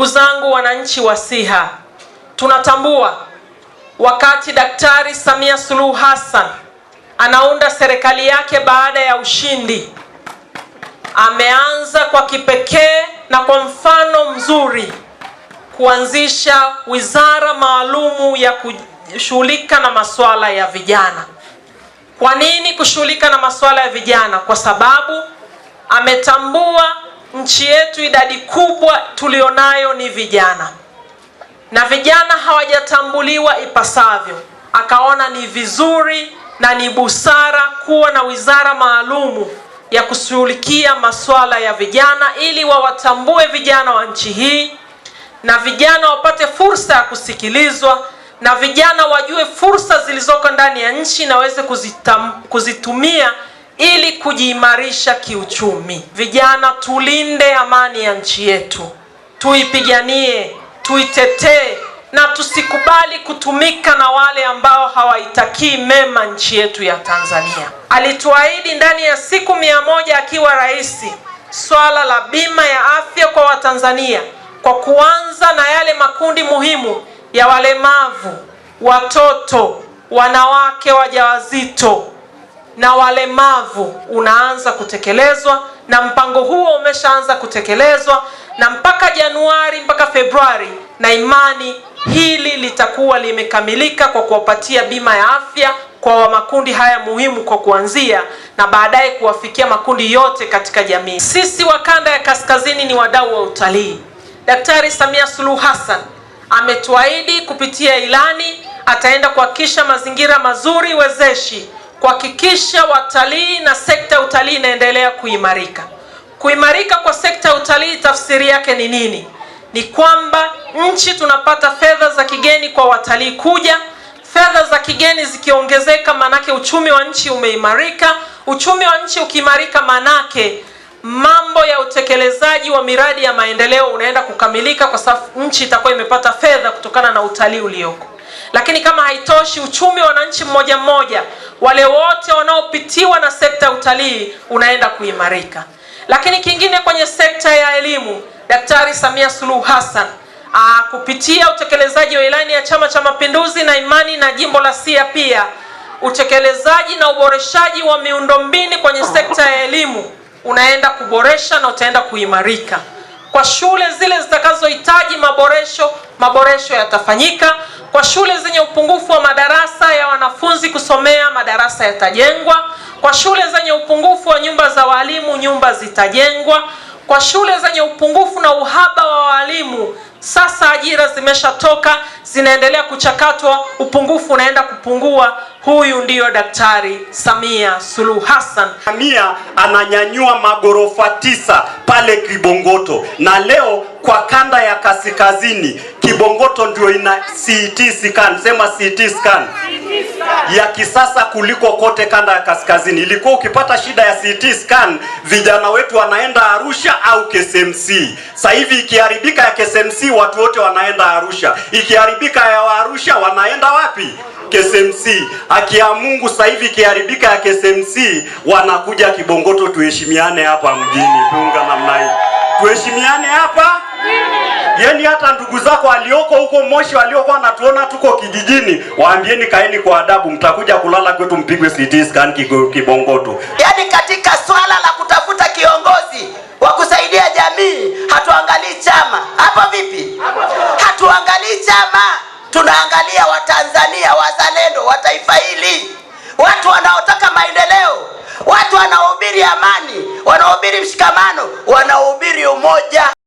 Ndugu zangu wananchi wa Siha, tunatambua wakati Daktari Samia Suluhu Hassan anaunda serikali yake baada ya ushindi, ameanza kwa kipekee na kwa mfano mzuri kuanzisha wizara maalumu ya kushughulika na masuala ya vijana. Kwa nini kushughulika na masuala ya vijana? Kwa sababu ametambua nchi yetu idadi kubwa tulionayo ni vijana, na vijana hawajatambuliwa ipasavyo. Akaona ni vizuri na ni busara kuwa na wizara maalumu ya kushughulikia masuala ya vijana, ili wawatambue vijana wa nchi hii na vijana wapate fursa ya kusikilizwa na vijana wajue fursa zilizoko ndani ya nchi na waweze kuzitumia ili kujiimarisha kiuchumi. Vijana, tulinde amani ya nchi yetu, tuipiganie, tuitetee na tusikubali kutumika na wale ambao hawaitakii mema nchi yetu ya Tanzania. Alituahidi ndani ya siku mia moja akiwa rais swala la bima ya afya kwa Watanzania kwa kuanza na yale makundi muhimu ya walemavu, watoto, wanawake wajawazito na walemavu unaanza kutekelezwa na mpango huo umeshaanza kutekelezwa na mpaka Januari mpaka Februari, na imani hili litakuwa limekamilika kwa kuwapatia bima ya afya kwa makundi haya muhimu kwa kuanzia na baadaye kuwafikia makundi yote katika jamii. Sisi wa kanda ya kaskazini ni wadau wa utalii. Daktari Samia Suluhu Hassan ametuahidi kupitia ilani ataenda kuhakikisha mazingira mazuri wezeshi kuhakikisha watalii na sekta ya utalii inaendelea kuimarika. Kuimarika kwa sekta ya utalii tafsiri yake ni nini? Ni kwamba nchi tunapata fedha za kigeni kwa watalii kuja. Fedha za kigeni zikiongezeka, manake uchumi wa nchi umeimarika. Uchumi wa nchi ukiimarika, manake mambo ya utekelezaji wa miradi ya maendeleo unaenda kukamilika, kwa sababu nchi itakuwa imepata fedha kutokana na utalii ulioko. Lakini kama haitoshi, uchumi wa wananchi mmoja mmoja, wale wote wanaopitiwa na sekta ya utalii unaenda kuimarika. Lakini kingine kwenye sekta ya elimu, Daktari Samia Suluhu Hassan Aa, ah, kupitia utekelezaji wa ilani ya Chama cha Mapinduzi na imani na jimbo la Siha, pia utekelezaji na uboreshaji wa miundombinu kwenye sekta ya elimu unaenda kuboresha na utaenda kuimarika. Kwa shule zile zitakazohitaji maboresho, maboresho yatafanyika. Kwa shule zenye upungufu wa madarasa ya wanafunzi kusomea, madarasa yatajengwa. Kwa shule zenye upungufu wa nyumba za walimu, nyumba zitajengwa. Kwa shule zenye upungufu na uhaba wa walimu, sasa ajira zimeshatoka, zinaendelea kuchakatwa, upungufu unaenda kupungua. Huyu ndiyo Daktari Samia Suluhu Hassan. Samia ananyanyua magorofa tisa pale Kibongoto, na leo kwa kanda ya kaskazini Kibongoto ndio ina CT scan, sema CT scan ya kisasa kuliko kote kanda ya kaskazini. Ilikuwa ukipata shida ya CT scan, vijana wetu wanaenda Arusha au KSMC. Sasa hivi ikiharibika ya KSMC, watu wote wanaenda Arusha. Ikiharibika ya Arusha, wanaenda wapi? KSMC. Akia Mungu, sasa hivi ikiharibika ya KSMC, wanakuja Kibongoto. Tuheshimiane hapa mjini, tunga namna hii, tuheshimiane hapa Yeni hata ndugu zako alioko huko Moshi waliokuwa natuona tuko kijijini, waambieni kaeni kwa adabu, mtakuja kulala kwetu mpigwe CT scan kibongo tu. Yaani katika swala la kutafuta kiongozi wa kusaidia jamii hatuangalii chama. Hapo vipi? Hatuangalii chama, tunaangalia Watanzania wazalendo wa taifa hili, watu wanaotaka maendeleo, watu wanaohubiri amani, wanaohubiri mshikamano, wanaohubiri umoja.